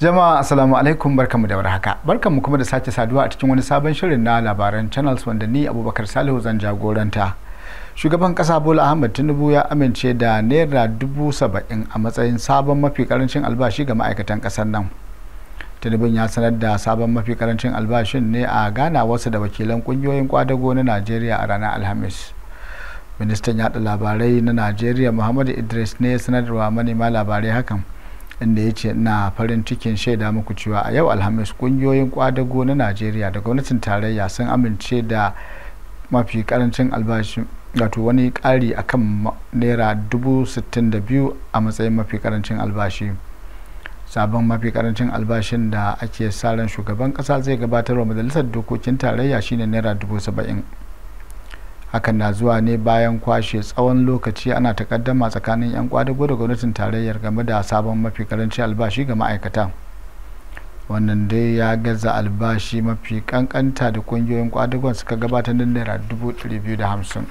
Jama'a asalamu alaikum barkamu da warhaka. Barkamu kuma da sake saduwa a cikin wani sabon shirin na labaran channels wanda ni Abubakar Salihu zan jagoranta. Shugaban kasa Bola Ahmed Tinubu ya amince da naira dubu saba'in a matsayin sabon mafi karancin albashi ga ma'aikatan kasar nan. Tinubu ya sanar da sabon mafi karancin albashin ne a gana wasu da wakilan ƙungiyoyin kwadago na Najeriya a ranar Alhamis. Ministan yaɗa labarai na Najeriya Muhammadu Idris ne sanarwa manema labarai hakan. inda ya ce na farin cikin shaida muku cewa a yau alhamis kungiyoyin kwadago na najeriya da gwamnatin tarayya sun amince da mafi karancin albashi wato wani ƙari akan naira dubu da biyu a matsayin mafi karancin albashi sabon mafi karancin albashin da ake sa ran shugaban kasa zai gabatar wa majalisar dokokin tarayya shine naira dubu saba'in hakan na zuwa ne bayan kwashe tsawon lokaci ana takaddama tsakanin 'yan kwadago da gwamnatin tarayyar game da sabon mafi karanci albashi ga ma'aikata wannan dai ya gaza albashi mafi kankanta da kungiyoyin kwadagon suka gabatar da naira 250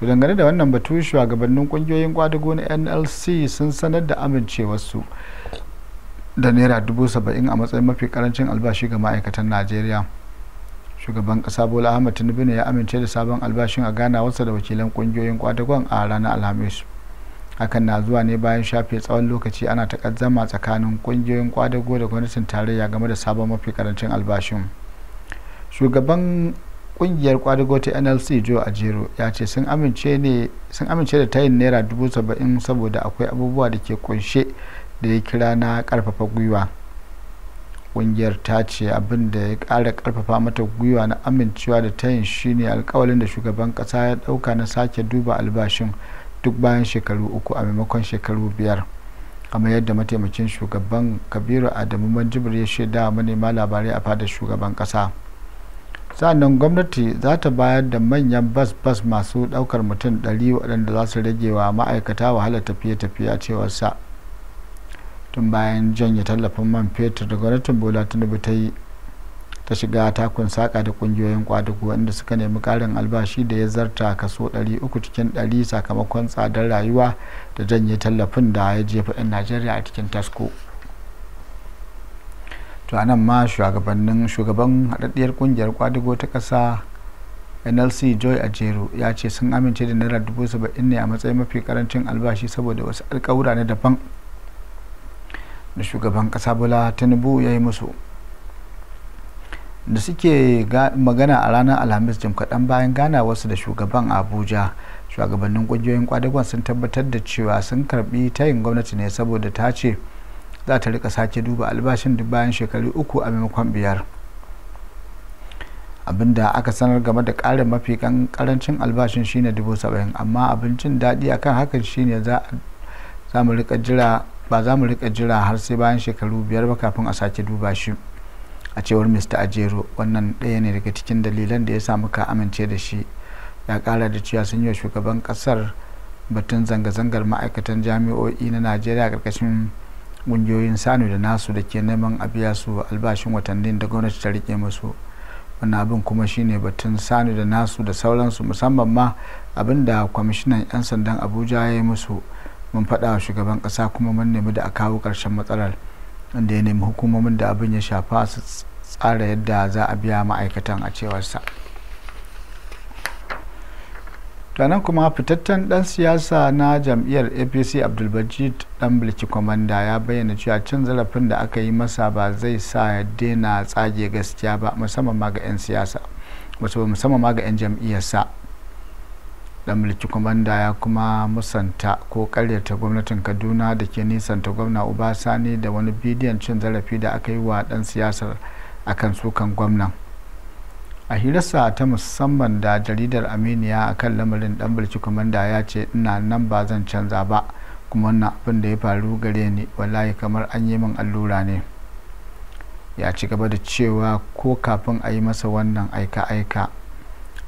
to dangane da wannan batu shugabannin kungiyoyin kwadago na nlc sun sanar da amincewarsu da naira 70,000 a matsayin mafi karancin albashi ga ma'aikatan najeriya shugaban kasa bola ahmad tinubu ne ya amince da sabon albashin a ganawarsa da wakilan kungiyoyin kwadagon a ranar alhamis hakan na zuwa ne bayan shafe tsawon lokaci ana takazzama tsakanin kungiyoyin kwadago da gwamnatin tarayya game da sabon mafi karancin albashin shugaban kungiyar kwadago ta nlc joe ajero ya ce sun amince da tayin naira dubu saba'in saboda akwai abubuwa da ke kunshe da ya kira na karfafa gwiwa kungiyar ta ce abin da ya kara karfafa mata gwiwa na amincewa da tayin shine alkawalin da shugaban kasa ya dauka na sake duba albashin duk bayan shekaru uku a maimakon shekaru biyar kamar yadda mataimakin shugaban kabiru adamu manjibir ya shaida manema labarai a fadar shugaban kasa sannan gwamnati za ta bayar da manyan bas-bas masu daukar mutum 100 waɗanda za su rage wa ma'aikata wahalar tafiye-tafiye a cewar sa tun bayan janye tallafin man fetur da gwamnatin bola tinubu ta yi ta shiga takun saka da kungiyoyin kwadugu wanda suka nemi karin albashi da ya zarta kaso 300 cikin 100 sakamakon tsadar rayuwa da janye tallafin da ya jefa 'yan najeriya a cikin tasko to a nan ma shugabannin shugaban haɗaɗɗiyar kungiyar kwadugo ta ƙasa nlc joy ajero ya ce sun amince da naira 70,000 ne a matsayin mafi karancin albashi saboda wasu alƙawura na daban da shugaban kasa bola tinubu ya yi musu da suke magana a ranar alhamis jim kaɗan bayan gana wasu da shugaban abuja shugabannin ƙungiyoyin kwadagon sun tabbatar da cewa sun karbi tayin gwamnati ne saboda ta ce za ta rika sake duba albashin duk bayan shekaru uku a maimakon biyar abinda aka sanar game da karin mafi karancin albashin shine dubu saba'in amma abincin daɗi akan hakan shine za mu rika jira ba za mu rika jira har sai bayan shekaru biyar ba kafin a sake duba shi a cewar mr ajero wannan daya ne daga cikin dalilan da ya sa muka amince da shi ya kara da cewa sun yi wa shugaban kasar batun zanga-zangar ma'aikatan jami'o'i na najeriya karkashin ƙungiyoyin sanu da nasu da ke neman a biya su albashin watannin da gwamnati ta rike musu wannan abin kuma shine batun sanu da nasu da sauransu musamman ma abin da kwamishinan 'yan sandan abuja ya yi musu mun faɗa wa shugaban ƙasa kuma mun nemi da a kawo ƙarshen matsalar inda ya nemi hukumomin da abin ya shafa su tsara yadda za a biya ma'aikatan a cewarsa nan kuma fitattun ɗan siyasa na jam'iyyar apc abdulbajid dan bilki kwamanda ya bayyana cewa cin zarafin da aka yi masa ba zai sa ya daina tsage gaskiya ba musamman ma ga 'yan siyasa musamman ma ga 'yan jam'iyyarsa dan mulki kwamanda ya kuma musanta ko karyata gwamnatin kaduna da ke nisanta gwamna sani da wani bidiyon cin zarafi da aka yi wa dan siyasar akan sukan gwamnan a hirarsa ta musamman da jaridar aminiya a kan lamarin dan mulki kwamanda ya ce ina nan ba zan canza ba kuma wannan abin da ya faru gare ni wallahi kamar an yi min allura ne ya ci gaba da cewa ko kafin a yi masa wannan aika-aika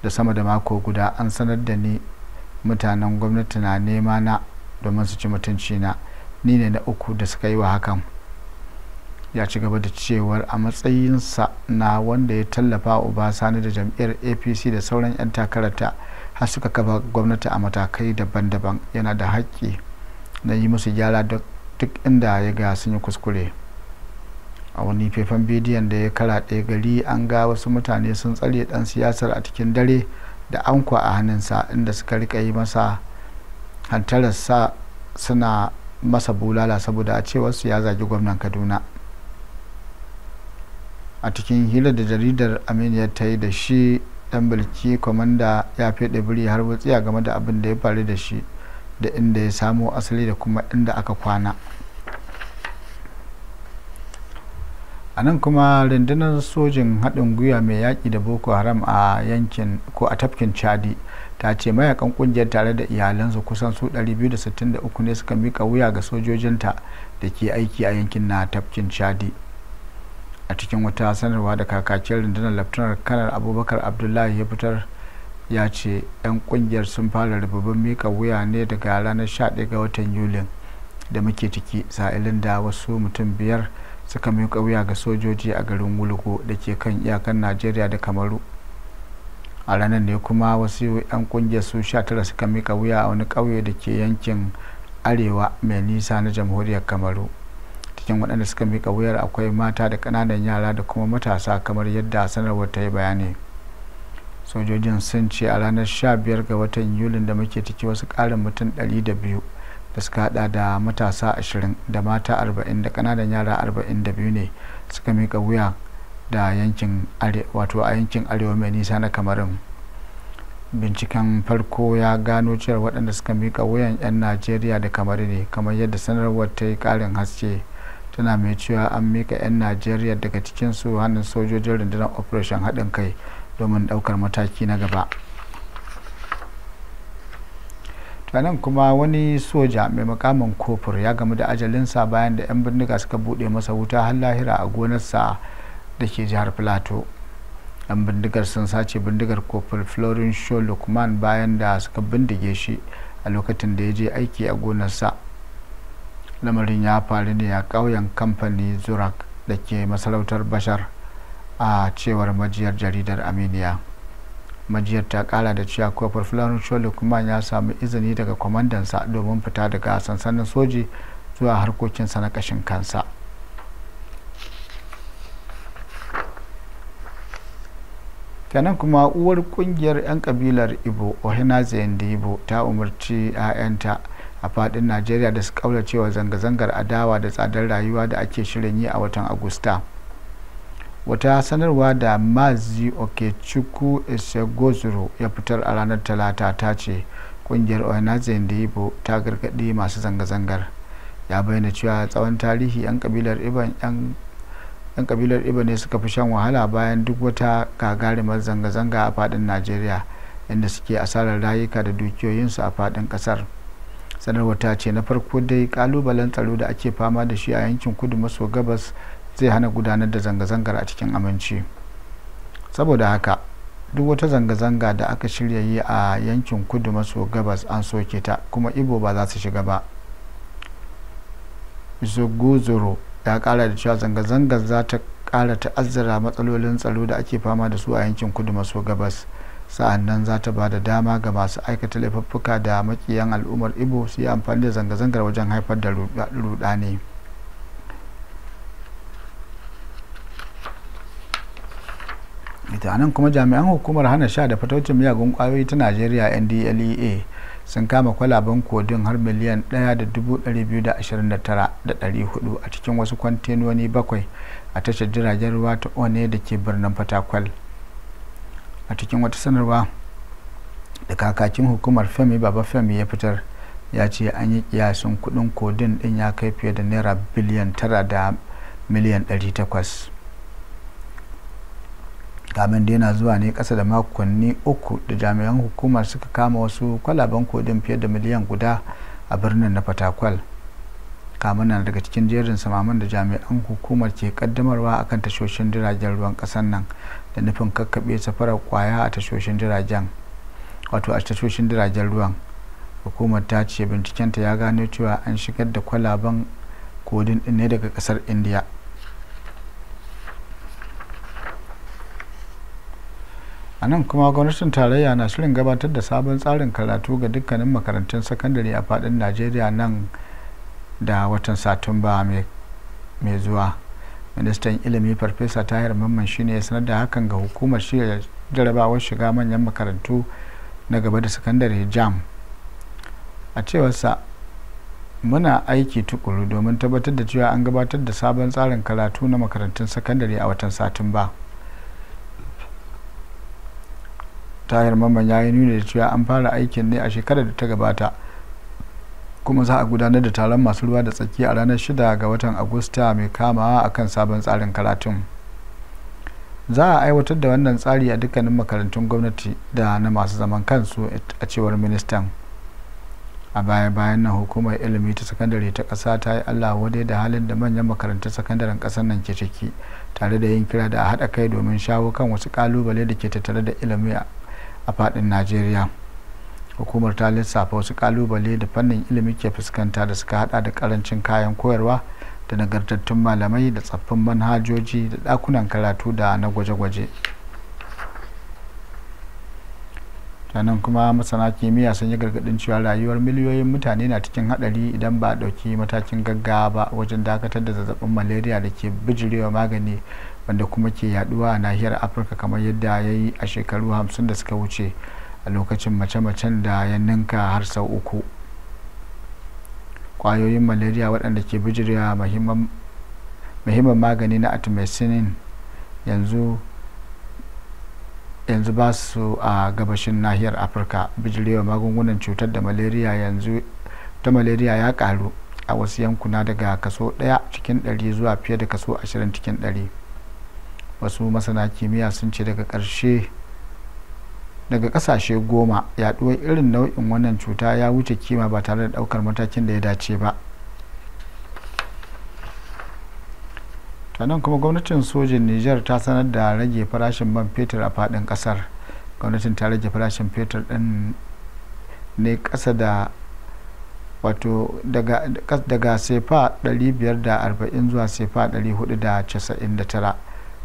da sama da mako guda an sanar da ni mutanen gwamnati na nema na domin su ci mutunci na ni ne na uku da suka yi wa hakan ya ci gaba da cewar a matsayinsa na wanda ya tallafa uba sani da jam'iyyar apc da sauran 'yan takararta har suka kafa gwamnati a matakai daban-daban yana da haƙƙi na yi musu gyara duk inda ya ga sun yi kuskure a wani faifan bidiyon da ya kara ɗaya gari an ga wasu mutane sun tsare ɗan siyasar a cikin dare da ankwa a hannunsa inda suka rika yi masa hantararsa suna masa bulala saboda a cewarsu ya zagi gwamnan kaduna a cikin hira da jaridar aminiya ta yi da shi dan bilki kwamanda ya fede biri har wutsiya game da abin da ya faru da shi da inda ya samo asali da kuma inda aka kwana a nan kuma rundunar sojin haɗin gwiwa mai yaƙi da boko haram a yankin ko a tafkin chadi ta ce mayakan kungiyar tare da iyalansu kusan su 263 ne suka mika wuya ga sojojinta da ke aiki a yankin na tafkin chadi a cikin wata sanarwa da kakakin rundunar laftanar kanar abubakar abdullahi ya fitar ya ce 'yan kungiyar sun fara rububin mika wuya ne daga ranar 11 ga watan yulin da muke ciki sa'ilin da wasu mutum biyar suka miƙa wuya ga sojoji a garin wulgo da ke kan iyakan najeriya da kamaru a ranar ne kuma wasu 'yan kungiyar su 19 suka miƙa wuya a wani ƙauye da ke yankin arewa mai nisa na jamhuriyar kamaru cikin waɗanda suka miƙa wuyar akwai mata da ƙananan yara da kuma matasa kamar yadda sanarwar ta yi bayani sojojin sun ce a ranar 15 ga watan yulin da muke ciki wasu karin mutum 200 da suka hada da matasa 20 da mata 40 da kananan yara 42 ne suka mika wuya da yankin wato a yankin arewa mai nisa na kamarin binciken farko ya gano cewa waɗanda suka mika wuyan 'yan najeriya da kamar ne kamar yadda sanarwar ta yi karin haske tana mai cewa an mika 'yan najeriya daga cikinsu hannun sojojin rundunar operation haɗin kai domin ɗaukar mataki na gaba a nan kuma wani soja mai makamin kofur ya gamu da ajalinsa bayan da 'yan bindiga suka bude masa wuta har lahira a gonarsa da ke jihar plateau 'yan bindigar sun sace bindigar kofur florin show lukman bayan da suka bindige shi a lokacin da ya je aiki a gonarsa lamarin ya faru ne a ƙauyen kamfani zurak da ke masarautar bashar a cewar majiyar jaridar aminiya majiyar ta kara da cewa kofar fulani shole kuma ya samu izini daga kwamandansa domin fita daga sansanin soji zuwa harkokinsa na kashin kansa kenan kuma uwar kungiyar 'yan kabilar ibo ohina ibo ta umarci 'ya'yanta a fadin najeriya da su kaula cewa zanga-zangar adawa da tsadar rayuwa da ake shirin yi a watan agusta wata sanarwa da mazi okechukwu esegozuru ya fitar a ranar talata ta ce kungiyar oinaze ndibo ta gargaɗi masu zanga-zangar ya bayyana cewa tsawon tarihi 'yan kabilar iban ne suka fi shan wahala bayan duk wata gagarumar zanga-zanga a fadin najeriya inda suke asarar rayuka da dukiyoyinsu a fadin kasar sanarwar ta ce na farko dai kalubalen tsaro da ake fama da shi a yankin kudu maso gabas zai hana gudanar da zanga-zangar a cikin aminci saboda haka duk wata zanga-zanga da aka shirya yi a yankin kudu maso gabas an soke ta kuma ibo ba za su shiga ba zogozoro ya kara da cewa zanga-zangar za ta kara ta'azzara matsalolin tsaro da ake fama da su a yankin kudu maso gabas sa'an nan za ta ba da dama ga masu aikata laifuffuka da makiyan al'ummar ibo su yi amfani da zanga-zangar wajen haifar da rudani. ita nan kuma jami'an hukumar hana sha da fataucin miyagun kwayoyi ta najeriya ndlea sun kama kwalaben kodin har miliyan 1,229,400 a cikin wasu kwantenoni bakwai a tashar jiragen ruwa ta one da ke birnin fatakwal a cikin wata sanarwa da kakakin hukumar femi baba femi ya fitar ya ce an yi kiyasin kudin kodin din ya kai fiye da naira biliyan 9 da miliyan 800 kamin da yana zuwa ne kasa da makonni uku da jami'an hukumar suka kama wasu kwalaban kodin fiye da miliyan guda a birnin na fatakwal kamin na daga cikin jerin samamin da jami'an hukumar ke kaddamarwa akan tashoshin jiragen ruwan kasan nan da nufin kakkaɓe safarar kwaya a tashoshin jiragen wato a tashoshin jiragen ruwan hukumar ta ce bincikenta ya gano cewa an shigar da kwalaban kodin ne daga kasar indiya a nan kuma gwamnatin tarayya na shirin gabatar da sabon tsarin karatu ga dukkanin makarantun sakandare a fadin najeriya nan da watan satumba mai zuwa ministan ilimi farfesa tahir mamman shine ya sanar da hakan ga hukumar shirya jarabawar shiga manyan makarantu na gaba da sakandare jam a cewarsa muna aiki tukuru domin tabbatar da cewa an gabatar da sabon tsarin karatu na makarantun sakandare a watan satumba. tahir mamman ya yi nuni da cewa an fara aikin ne a shekarar da ta gabata kuma za a gudanar da taron masu ruwa da tsaki a ranar 6 ga watan agusta mai kamawa akan sabon tsarin karatun za a aiwatar da wannan tsari a dukkanin makarantun gwamnati da na masu zaman kansu a cewar ministan a baya-bayan nan hukumar ilimi ta sakandare ta ƙasa ta yi allah wadai da halin da manyan makarantun sakandaren ƙasar nan ke ciki tare da yin kira da a haɗa kai domin shawo kan wasu ƙalubale da ke tattare da ilimi a fadin najeriya hukumar ta lissafa wasu kalubale da fannin ilimi ke fuskanta da suka hada da karancin kayan koyarwa da nagartattun malamai da tsaffin manhajoji da dakunan karatu da na gwaje-gwaje sannan kuma masana kimiyya sun yi gargadin cewa rayuwar miliyoyin mutane na cikin hadari idan ba a dauki matakin gaggawa ba wajen dakatar da zazzabin malaria da ke bijirewa magani wanda kuma ke yaduwa a nahiyar afirka kamar yadda ya yi a shekaru hamsin da suka wuce a lokacin mace-macen da ya ninka har sau uku kwayoyin malaria waɗanda ke bijirya mahimman magani na artemisinin yanzu yanzu ba su a gabashin nahiyar afirka bijirewa magungunan cutar da malaria yanzu ta malaria ya karu a wasu yankuna daga kaso 1 cikin 100 zuwa fiye da kaso ashirin cikin 100 wasu masana kimiyya sun ce daga ƙarshe daga ƙasashe goma yaɗuwar irin nau'in wannan cuta ya wuce kima ba tare da ɗaukar matakin da ya dace ba nan kuma gwamnatin sojin niger ta sanar da rage farashin man fetur a faɗin ƙasar gwamnatin ta rage farashin fetur ɗin ne ƙasa da wato daga sefa 540 zuwa sefa 499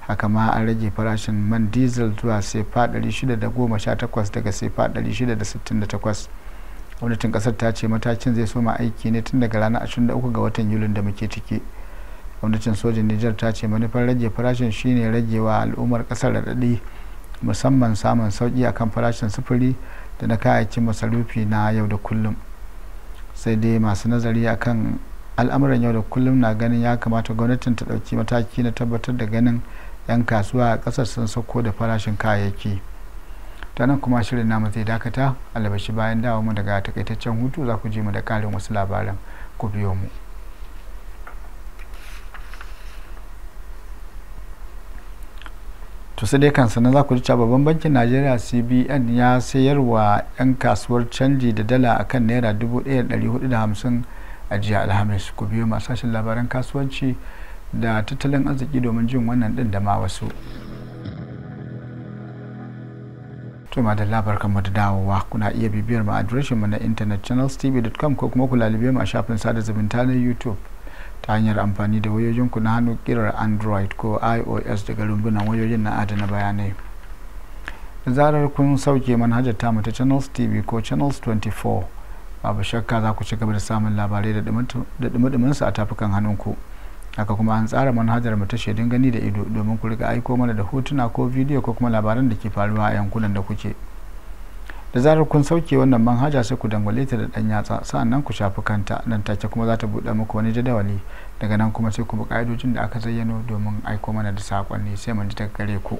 haka ma an rage farashin man diesel zuwa sefa 618 daga sefa 668 gwamnatin kasar ta ce matakin zai soma aiki ne tun daga ranar 23 ga watan yulin da muke ciki gwamnatin sojin nijar ta ce manufar rage farashin shine rage wa al'ummar kasar raɗaɗi musamman samun sauƙi akan farashin sufuri da na kayayyakin masarufi na yau da kullum sai dai masu nazari akan al'amuran yau da kullum na ganin ya kamata gwamnatin ta ɗauki mataki na tabbatar da ganin 'yan kasuwa a kasar sun sauko da farashin kayayyaki ta nan kuma shirin namu zai dakata albashi bayan dawo mu daga takaitaccen hutu za ku ji mu da karin wasu labaran ku biyo mu to sai dai kansa na za ku ji babban bankin najeriya cbn ya sayar wa 'yan kasuwar canji da dala akan naira 1450 a jiya alhamis ku biyo masu sashen labaran kasuwanci da tattalin arziki domin jin wannan din da ma wasu to da labar mu da dawowa kuna iya bibiyar mu adireshin mu na intanet channelstv.com ko kuma ku lalube mu a shafin sada zumunta na youtube ta hanyar amfani da wayoyin ku na hannu kirar android ko ios daga rumbunan wayoyin na adana bayanai da zarar kun sauke manhajar tamu ta channels tv ko channels 24 babu shakka za ku ci gaba da samun labarai da dumi a tafukan hannunku. ku haka kuma an tsara manhajar mu ta shaidun gani da ido domin ku riga aiko mana da hotuna ko bidiyo ko kuma labaran da ke faruwa a yankunan da kuke da zarar kun sauke wannan manhaja sai ku dangwale ta da dan yatsa sa'annan ku shafi kanta nan take kuma za ta buɗe muku wani jadawali daga nan kuma sai ku bi ka'idojin da aka zayyano domin aiko mana da sakonni sai mun ji ta gare ku.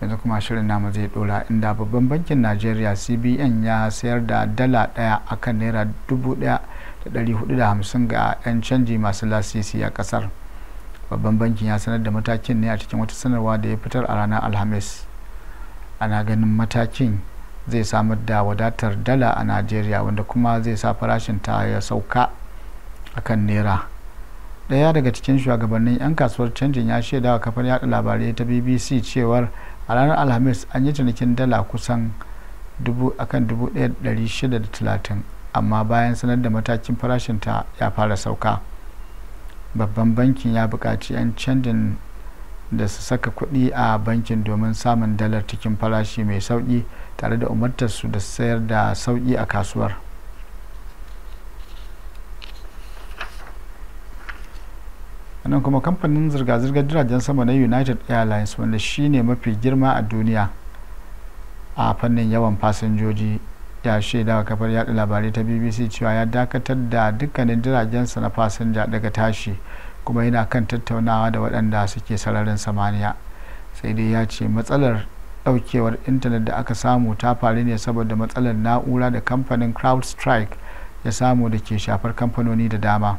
yanzu kuma shirin namu zai dora inda babban bankin najeriya cbn ya sayar da dala daya akan naira 1,450 ga 'yan canji masu lasisi a kasar babban bankin ya sanar da matakin ne a cikin wata sanarwa da ya fitar a ranar alhamis ana ganin matakin zai samar da wadatar dala a najeriya wanda kuma zai sa farashin ta ya sauka akan naira daya daga cikin shugabannin 'yan kasuwar canjin ya shaidawa kafar yada labarai ta bbc cewar a ranar alhamis an yi cinikin dala kusan akan 1,630 amma bayan sanar da matakin farashinta ya fara sauka babban bankin ya buƙaci 'yan canjin da su saka kuɗi a bankin domin samun dalar cikin farashi mai sauƙi tare da umartarsu da sayar da sauƙi a kasuwar. sannan kuma kamfanin zirga-zirgar jiragen sama na united airlines wanda shi ne mafi girma a duniya a fannin yawan fasinjoji ya shaida wa kafar yada labarai ta bbc cewa ya dakatar da dukkanin jiragensa na fasinja daga tashi kuma yana kan tattaunawa da waɗanda suke sararin samaniya sai dai ya ce matsalar ɗaukewar intanet da aka samu ta faru ne saboda matsalar na'ura da kamfanin crowdstrike ya samu da ke shafar kamfanoni da dama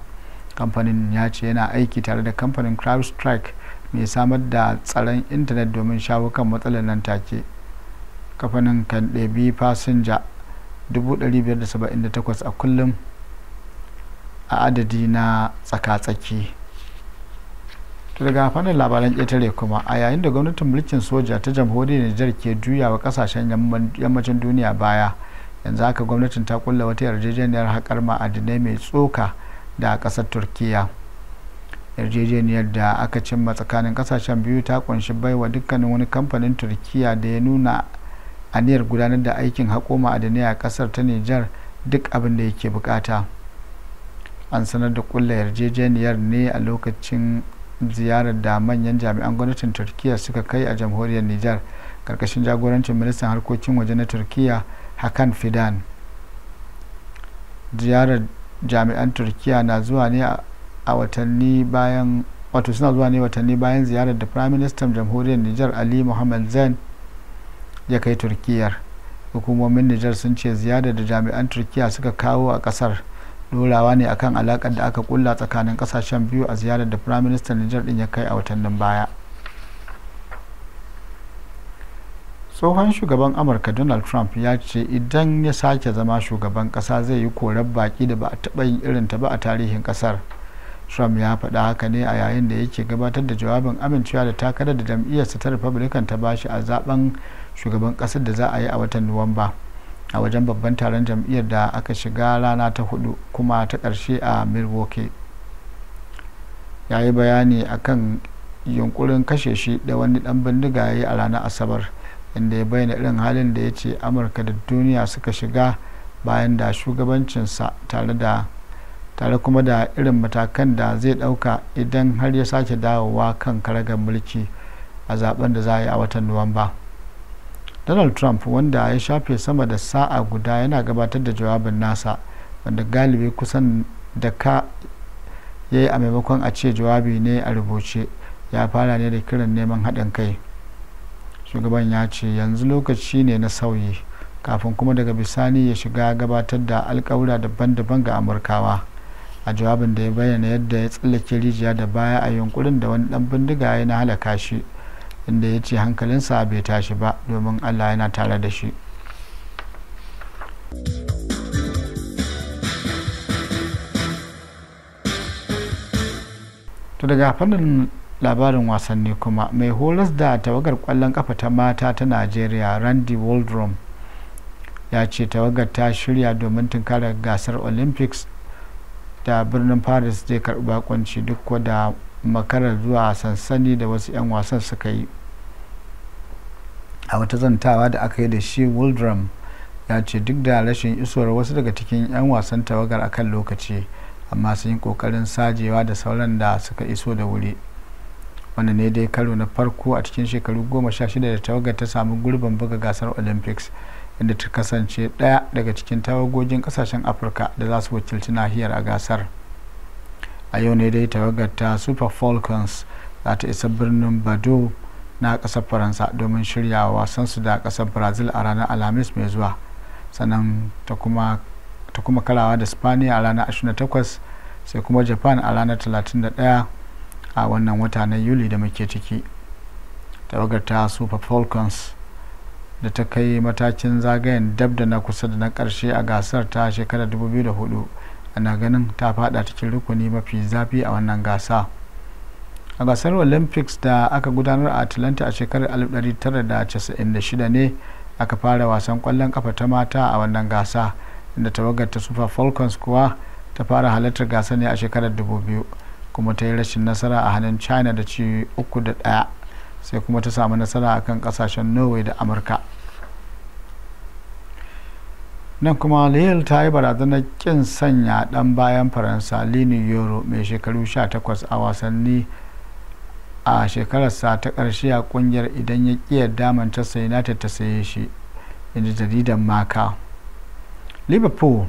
kamfanin ya ce yana aiki tare da kamfanin crowdstrike mai samar da tsaron intanet domin shawo kan matsalar nan take kamfanin kan ɗabi fasinja 578 a kullum a adadi na tsaka-tsaki daga fannin labaran ƙetare kuma a yayin da gwamnatin mulkin soja ta jamhuriyar nijar ke juyawa kasashen yammacin duniya baya yanzu haka gwamnatin ta kulla wata yarjejeniyar haƙar ma'adinai mai tsoka da ƙasar turkiya yarjejeniyar da aka cimma tsakanin kasashen biyu ta kunshi baiwa dukkanin wani kamfanin turkiya da ya nuna aniyar gudanar da aikin a ma'adanai a ƙasar ta nijar duk abin da yake bukata an sanar da kulla yarjejeniyar ne a lokacin ziyarar da manyan jami'an gwamnatin turkiya suka kai a jamhuriyar nijar karkashin jagorancin ministan harkokin waje na turkiya hakan fidan ziyarar jami'an turkiya na zuwa ne a watanni bayan wato suna zuwa ne watanni bayan ziyarar da prime minister jamhuriyar nijar ali muhammad zain ya kai turkiyar hukumomin nijar sun ce ziyarar da jami'an turkiya suka kawo a kasar dorawa ne akan alakar da aka kulla tsakanin kasashen biyu a ziyarar da prime minister nijar din ya kai a watannin baya tsohon shugaban amurka donald trump ya ce idan ya sake zama shugaban kasa zai yi korar baki da ba a taba yin irin ta ba a tarihin kasar trump ya faɗa haka ne a yayin da yake gabatar da jawabin amincewa da takarar da jam'iyyarsa ta republican ta bashi a zaben shugaban kasar da za a yi a watan nuwamba a wajen babban taron jam'iyyar da aka shiga rana ta hudu kuma ta karshe a milwaukee ya yi bayani akan yunkurin kashe shi da wani dan bindiga ya yi a ranar asabar inda ya bayyana irin halin da ya ce amurka da duniya suka shiga bayan da shugabancinsa tare da tare kuma da irin matakan da zai dauka idan har ya sake dawowa kan karagar mulki a zaben da za a yi a watan nuwamba donald trump wanda ya shafe sama da sa'a guda yana gabatar da jawabin nasa wanda galibi kusan da ka ya a maimakon a ce jawabi ne a rubuce ya fara ne da kiran neman haɗin kai shugaban ya ce yanzu lokaci ne na sauyi kafin kuma daga bisani ya shiga gabatar da alkawura daban-daban ga amurkawa a jawabin da ya bayyana yadda ya tsallake rijiya da baya a yunkurin da wani dan bindiga ya na halaka shi inda ya ce hankalinsa bai tashi ba domin allah yana tare da shi to daga fannin labarin wasanni kuma mai horas da tawagar kwallon kafa ta mata ta nigeria randy waldron ya ce tawagar ta shirya domin tunkara gasar olympics da birnin paris zai karbi bakonci duk da makarar zuwa sansani da wasu 'yan wasan suka yi a wata zantawa da aka yi da shi waldron ya ce duk da rashin isowar wasu daga cikin 'yan wasan tawagar akan lokaci amma sun yi kokarin sajewa da sauran da suka iso da wuri wanda ne dai karo na farko a cikin shekaru goma sha shida da tawagar ta samu gurbin buga gasar olympics inda ta kasance daya daga cikin tawagogin kasashen afirka da za su wakilci nahiyar a gasar a yau ne dai tawagar ta super falcons za ta isa birnin bado na kasar faransa domin shirya wasansu da kasar brazil a ranar alhamis mai zuwa sannan ta kuma karawa da spaniya a ranar 28 sai kuma japan a ranar 31 a wannan wata na yuli da muke ciki tawagar ta super falcons da ta kai matakin zagayen dab da na kusa da na karshe a gasar ta shekarar 2004 ana ganin ta fada cikin rukuni mafi zafi a wannan gasa a gasar olympics da aka gudanar a atlanta a shekarar 1996 ne aka fara wasan kwallon kafa ta mata a wannan gasa inda tawagar ta super falcons kuwa ta fara halartar gasa ne a shekarar 2000 kuma ta yi rashin nasara a hannun china da ci uku da ɗaya sai kuma ta samu nasara a kan kasashen norway da amurka nan kuma lille ta yi barazanar kin sanya dan bayan faransa lini yoro mai shekaru 18 a wasanni a shekararsa ta karshe a kungiyar idan ya ƙi yarda manchester united ta saye shi inji jaridan maka liverpool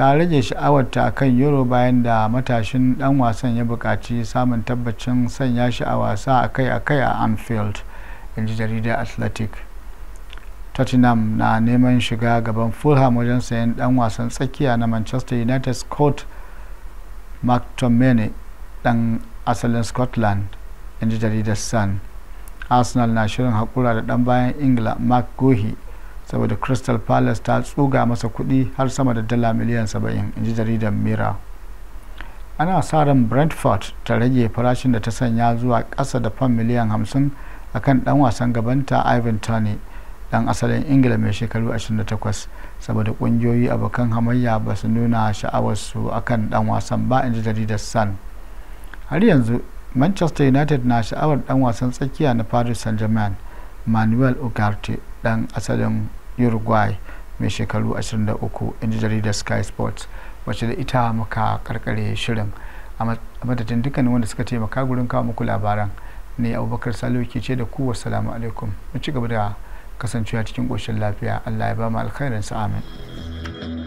ta rage sha'awarta kan euro bayan da matashin dan wasan ya buƙaci samun tabbacin sanya shi a wasa akai-akai a anfield in ji jaridar athletic tottenham na neman shiga gaban fulham wajen sayan dan wasan tsakiya na manchester united scott mctominay dan asalin scotland in ji jaridar sun arsenal na shirin haƙura da dan bayan ingila mark gohi saboda crystal palace ta tsuga masa kudi har sama da dala miliyan 70 in ji jaridar mira ana sa ran brentford ta rage farashin da ta sanya zuwa kasa da fan miliyan 50 akan dan wasan gabanta ivan tony dan asalin ingila mai shekaru 28 saboda kungiyoyi abokan hamayya ba su nuna sha'awarsu akan dan wasan ba in ji jaridar sun har yanzu manchester united na sha'awar dan wasan tsakiya na paris saint-germain manuel ugarte dan asalin uruguay mai shekaru 23 inji jaridar sky sports wacce da ita muka karkare shirin a madadin dukkanin wanda suka taimaka gurin kawo muku labaran ne abubakar salihu ke ce da ku wassalamu alaikum mu ci gaba da kasancewa cikin ƙoshin lafiya allah ya ba mu alkhairinsa amin